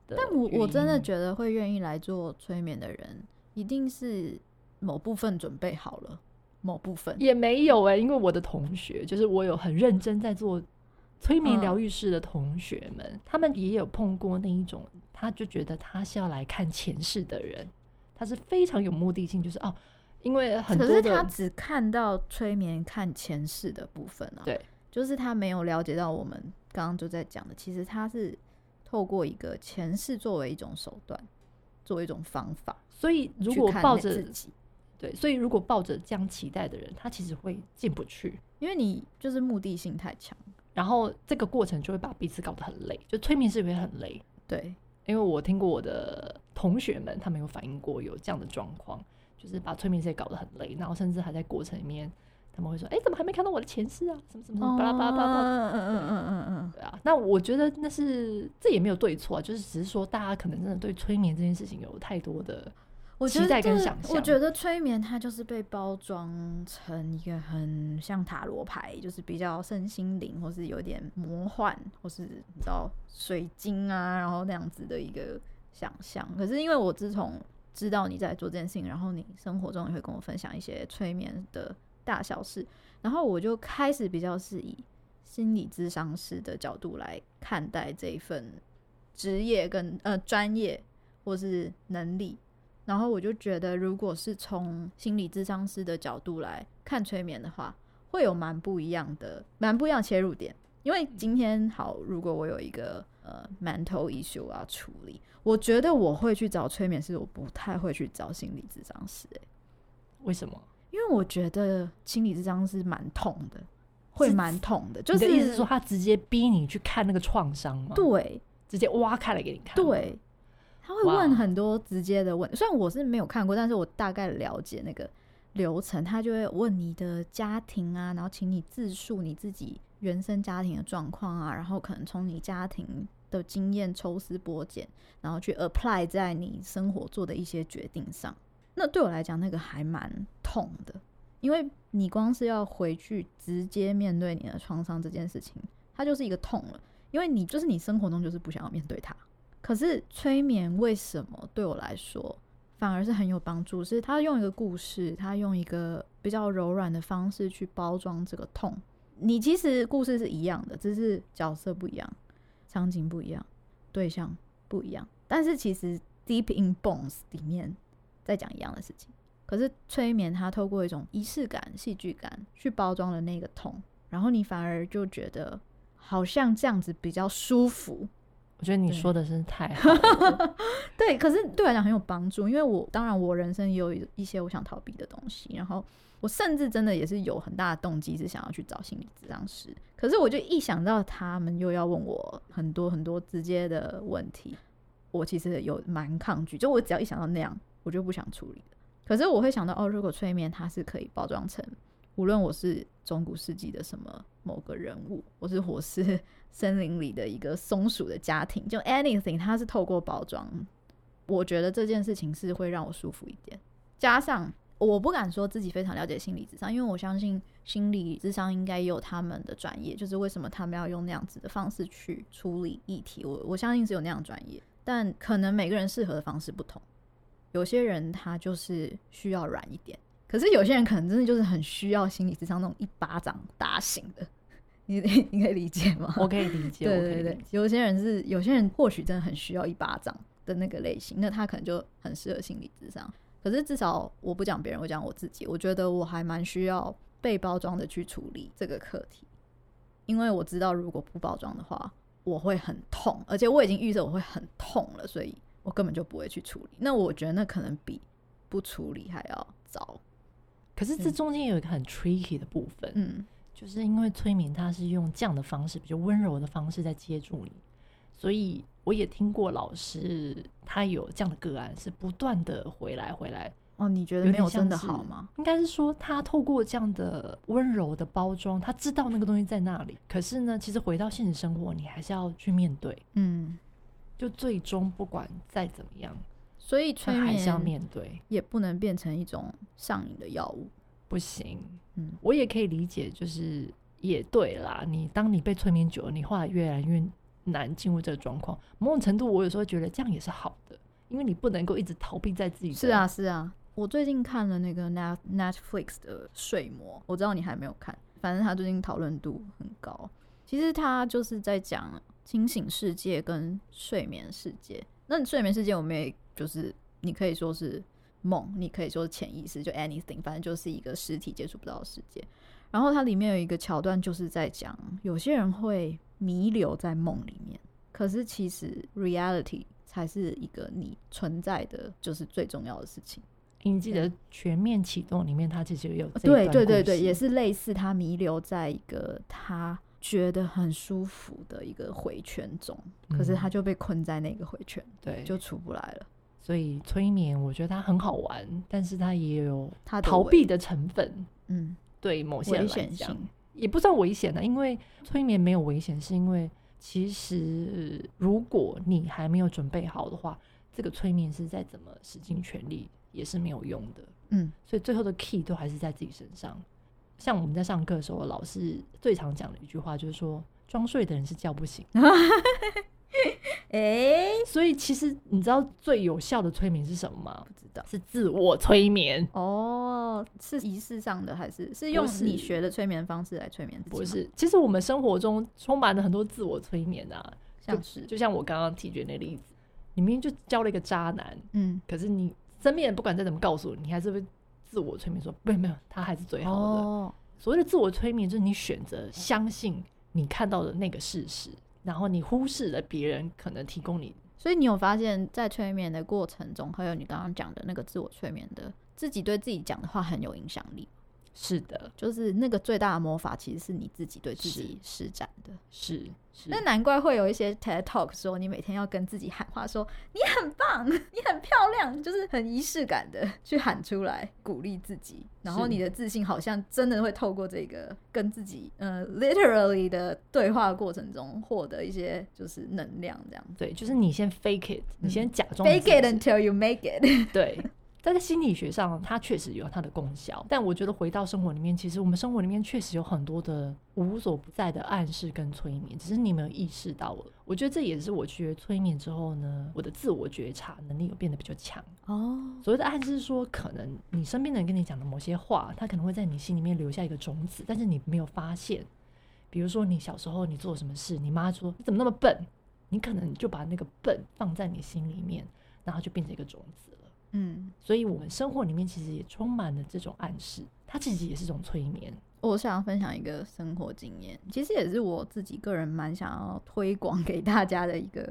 但我我真的覺得會願意來做催眠的人，一定是某部分準備好了，某部分也沒有誒、欸。因為我的同學就是我有很認真在做、嗯。催眠療癒室的同學們，嗯，他們也有碰過那一種，他就覺得他是要來看前世的人，他是非常有目的性，就是哦，因為很多，可是他只看到催眠看前世的部分啊，對，就是他沒有了解到我們剛剛就在講的，其實他是透過一個前世作為一種手段，作為一種方法，所以如果抱着自己，對，所以如果抱着這樣期待的人，他其實會進不去，因為你就是目的性太強。然後這個過程就會把彼此搞得很累，就催眠師也會很累。對，因為我聽過我的同學們，他們有反映過有這樣的狀況，就是把催眠師也搞得很累，然後甚至還在過程裡面，他們會說：“哎，怎麼還沒看到我的前世啊？什麼什麼什麼，巴拉巴拉巴拉巴。”嗯嗯嗯嗯嗯嗯，對啊。那我覺得那是這也沒有對錯啊，就是只是說大家可能真的對催眠這件事情有太多的。我覺得就是、期待跟想象，我覺得催眠它就是被包裝成一個很像塔羅牌，就是比較身心靈，或是有點魔幻，或是你知道水晶啊，然後那樣子的一個想象。可是因為我自從知道你在做這件事情，然後你生活中也會跟我分享一些催眠的大小事，然後我就開始比較是以心理諮商師的角度來看待這一份職業跟呃專業或是能力。然後我就覺得，如果是從心理諮商師的角度來看催眠的話，會有蠻不一樣的、蠻不一樣的切入點。因為今天好，如果我有一個呃 mental issue 我要處理，我覺得我會去找催眠師，我不太會去找心理諮商師、欸。為什麼？因為我覺得心理諮商是蠻痛的，會蠻痛的。是就是意思是說，他直接逼你去看那個創傷嗎？對，直接挖開來給你看。對。他會問很多直接的問，Wow 雖然我是沒有看過，但是我大概了解那個流程。他就會問你的家庭啊，然後請你自述你自己原生家庭的狀況啊，然後可能從你家庭的經驗抽絲剝繭，然後去 apply 在你生活做的一些決定上。那對我來講，那個還蠻痛的，因為你光是要回去直接面對你的創傷這件事情，它就是一個痛了，因為你就是你生活中就是不想要面對它。可是催眠為什麼對我來說反而是很有幫助？是他用一個故事，他用一個比較柔軟的方式去包裝這個痛。你其實故事是一樣的，只是角色不一樣，場景不一樣，對象不一樣。但是其實《Deep in Bones》裡面在講一樣的事情。可是催眠它透過一種儀式感、戲劇感去包裝的那個痛，然後你反而就覺得好像這樣子比較舒服。我覺得你說的真是太好了對， 對，可是對我來講很有幫助。因為我當然，我人生也有一些我想逃避的東西，然後我甚至真的也是有很大的動機是想要去找心理治療師。可是我就一想到他們又要問我很多很多直接的問題，我其實有蠻抗拒。就我只要一想到那樣，我就不想處理。可是我會想到哦，如果催眠它是可以包裝成無論我是中古世紀的什麼某個人物，我是火是。森林裡的一個松鼠的家庭，就 anything，它是透過包裝，我覺得這件事情是會讓我舒服一點。加上我不敢說自己非常了解心理諮商，因為我相信心理諮商應該有他們的專業，就是為什麼他們要用那樣子的方式去處理議題。我我相信是有那樣專業，但可能每個人適合的方式不同。有些人他就是需要軟一點，可是有些人可能真的就是很需要心理諮商那種一巴掌打醒的。你你可以理解嗎？我可以理解。對對對，有些人是有些人或許真的很需要一巴掌的那個類型，那他可能就很適合心理諮商。可是至少我不講別人，我講我自己，我覺得我還蠻需要被包裝的去處理這個課題，因為我知道如果不包裝的話，我會很痛，而且我已經預設我會很痛了，所以我根本就不會去處理。那我覺得那可能比不處理還要糟。可是這中間有一個很 tricky 的部分，嗯。就是因為催眠，他是用這樣的方式，比較溫柔的方式在接住你，所以我也聽過老師，他有這樣的個案是不斷的回來回來。哦，你覺得沒有真的好嗎？應該是說他透過這樣的溫柔的包裝，他知道那個東西在那裡，可是呢，其實回到現實生活，你還是要去面對。嗯，就最終不管再怎麼樣，所以催眠還是要面對，也不能變成一種上癮的藥物。不行，嗯，我也可以理解，就是、嗯、也對啦。你當你被催眠久了，你畫的越來越難進入這個狀況。某種程度，我有時候覺得這樣也是好的，因為你不能夠一直逃避在自己身上。是啊，是啊。我最近看了那個 net Netflix 的《睡魔》，我知道你還沒有看，反正他最近討論度很高。其實他就是在講清醒世界跟睡眠世界。那你睡眠世界，我們也就是你可以說是。夢，你可以說潛意識，就 anything，反正就是一個實體接觸不到的世界。然後它裡面有一個橋段，就是在講有些人會彌留在夢裡面，可是其實 reality 才是一個你存在的，就是最重要的事情。你記得《全面啟動》裡面，它其實有。對對對對，也是類似他彌留在一個他覺得很舒服的一個迴圈中，可是他就被困在那個迴圈，對，就出不來了。所以催眠，我覺得它很好玩，但是它也有逃避的成分。嗯，對某些人來講，也不算危險啊。因為催眠沒有危險，是因為其實、呃、如果你還沒有準備好的話，這個催眠是再怎麼使盡全力、嗯、也是沒有用的。嗯，所以最後的 key 都還是在自己身上。像我們在上課的時候，老師最常講的一句話就是說：“裝睡的人是叫不醒。” 哎， 欸、所以其實你知道最有效的催眠是什麼嗎？不知道，是自我催眠哦。是儀式上的還是是用你學的催眠方式來催眠自己？不是，其實我們生活中充滿了很多自我催眠啊，像是就，就像我剛剛提舉那例子，你明明就交了一個渣男，嗯，可是你身邊人不管再怎麼告訴你，你還是會自我催眠說，沒有，沒有他還是最好的。哦、所謂的自我催眠就是你選擇相信你看到的那個事實。然後你忽視了別人可能提供你，所以你有發現，在催眠的過程中，還有你剛剛講的那個自我催眠的，自己對自己講的話很有影響力。是的，就是那個最大的魔法，其實是你自己對自己施展的。是，那難怪會有一些 TED Talk 說，你每天要跟自己喊話說，說你很棒，你很漂亮，就是很儀式感的去喊出來鼓勵自己，然後你的自信好像真的會透過這個跟自己呃 literally 的對話的過程中獲得一些就是能量這樣子。對，就是你先 fake it，你先假裝、嗯嗯、fake it until you make it。對。但在心理學上，它確實有它的功效。但我覺得回到生活裡面，其實我們生活裡面確實有很多的無所不在的暗示跟催眠，只是你沒有意識到我。我覺得這也是我學催眠之後呢，我的自我覺察能力有變得比較強。哦，oh. 所謂的暗示是說，可能你身邊的人跟你講的某些話，他可能會在你心裡面留下一個種子，但是你沒有發現。比如說你小時候你做什麼事，你媽說你怎麼那麼笨？你可能就把那個笨放在你心裡面，然後就變成一個種子。嗯，所以我們生活裡面其實也充滿了這種暗示，它其實也是一種催眠。我想要分享一個生活經驗，其實也是我自己個人蠻想要推廣給大家的一個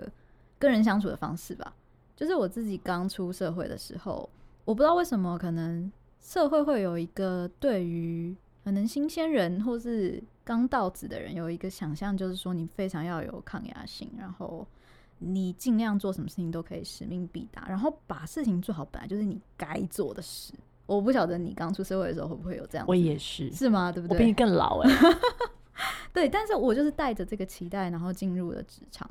個人相處的方式吧。就是我自己剛出社會的時候，我不知道為什麼，可能社會會有一個對於可能新鮮人或是剛到職的人有一個想象，就是說你非常要有抗壓性，然後。你儘量做什麼事情都可以，使命必達。然後把事情做好，本來就是你該做的事。我不曉得你剛出社會的時候會不會有這樣，我也是，是嗎？對不對？我比你更老誒。 對，但是我就是帶着這個期待，然後進入了職場。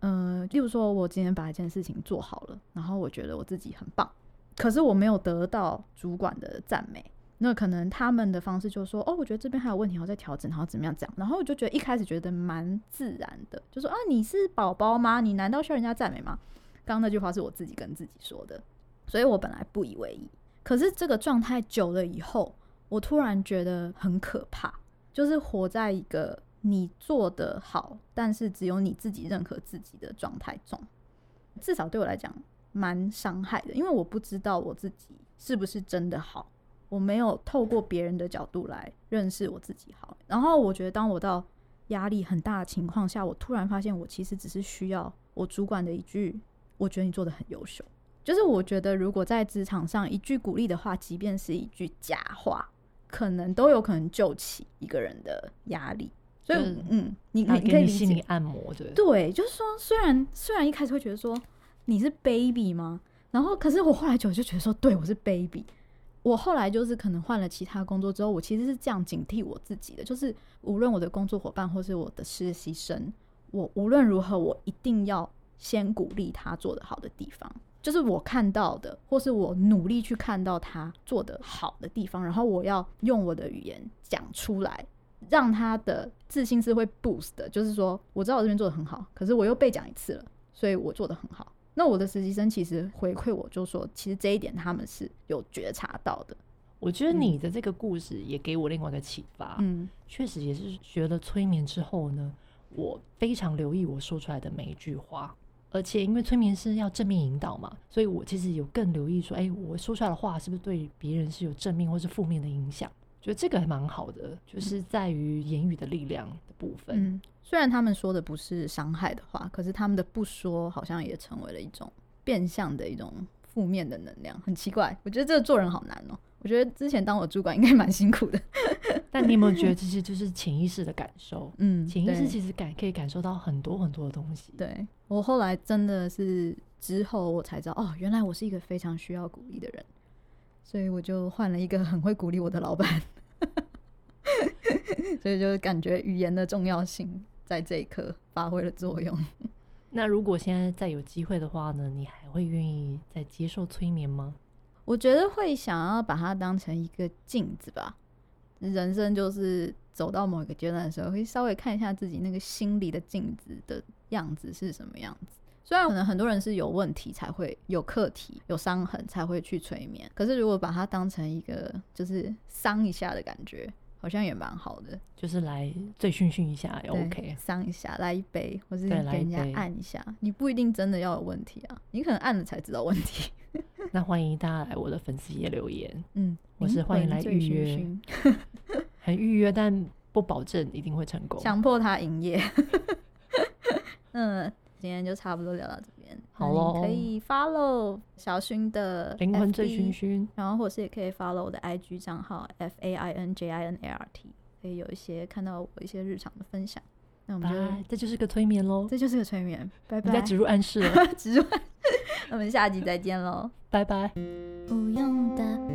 嗯、呃，例如說我今天把一件事情做好了，然後我覺得我自己很棒，可是我沒有得到主管的讚美。那可能他們的方式就是說哦，我覺得這邊還有問題，我要再調整，然後怎麼樣？這樣，然後我就覺得一開始覺得蠻自然的，就說啊，你是寶寶嗎？你難道需要人家讚美嗎？剛剛那句話是我自己跟自己說的，所以我本來不以為意。可是這個狀態久了以後，我突然覺得很可怕，就是活在一個你做得好，但是只有你自己認可自己的狀態中。至少對我來講蠻傷害的，因為我不知道我自己是不是真的好。我沒有透過別人的角度來認識我自己，好。然後我覺得，當我到壓力很大的情況下，我突然發現，我其實只是需要我主管的一句“我覺得你做得很優秀”。就是我覺得，如果在職場上一句鼓勵的話，即便是一句假話，可能都有可能救起一個人的壓力。所以，嗯，嗯，你給你可以心理按摩，對對，就是說，雖然雖然一開始會覺得說你是 baby 嗎？然後，可是我後來就就覺得說，對我是 baby。我後來就是可能換了其他工作之後，我其實是這樣警惕我自己的，就是無論我的工作夥伴或是我的實習生，我無論如何，我一定要先鼓勵他做得好的地方，就是我看到的，或是我努力去看到他做得好的地方，然後我要用我的語言講出來，讓他的自信是會 boost 的。就是說，我知道我這邊做得很好，可是我又被講一次了，所以我做得很好。那我的實習生其實回饋我，就說其實這一點他們是有覺察到的。我覺得你的這個故事也給我另外一個啟發，嗯，確實也是學了催眠之後呢，我非常留意我說出來的每一句話，而且因為催眠是要正面引導嘛，所以我其實有更留意說，哎，我說出來的話是不是對別人是有正面或是負面的影響？覺得這個還蠻好的，就是在於言語的力量的部分。嗯雖然他們說的不是傷害的話，可是他們的不說好像也成為了一種變相的一種負面的能量，很奇怪。我覺得這個做人好難哦。我覺得之前當我主管應該蠻辛苦的。但你有沒有覺得這些就是潛意識的感受？嗯，潛意識其實感可以感受到很多很多的東西。對，我後來真的是之後我才知道，哦，原來我是一個非常需要鼓勵的人，所以我就換了一個很會鼓勵我的老闆。 所以就是感覺語言的重要性。在這一刻發揮了作用。嗯。那如果現在再有機會的話呢？你還會願意再接受催眠嗎？我覺得會想要把它當成一個鏡子吧。人生就是走到某一個階段的時候，可以稍微看一下自己那個心裡的鏡子的樣子是什麼樣子。雖然可能很多人是有問題才會有課題，有傷痕才會去催眠，可是如果把它當成一個就是桑一下的感覺，好像也蠻好的，就是來醉醺醺一下對，OK，桑一下，來一杯，或者是給對人家按一下。一你不一定真的要有問題啊，你可能按了才知道問題。那歡迎大家來我的粉絲頁留言，嗯，我是歡迎來預約，嗯、醺醺很預約，但不保證一定會成功，強迫他營業， 嗯。今天就差不多聊到這邊，好哦哦，你可以 follow 小薰的靈魂醉醺薰，然後或者是也可以 follow 我的 IG 賬號 f a i n j i n a r t，可以有一些看到我一些日常的分享。那我們就 Bye 這就是個催眠嘍，這就是個催眠，拜拜。你在植入暗示了。 植入暗示。 那我們下集再見嘍，拜拜 bye。不用的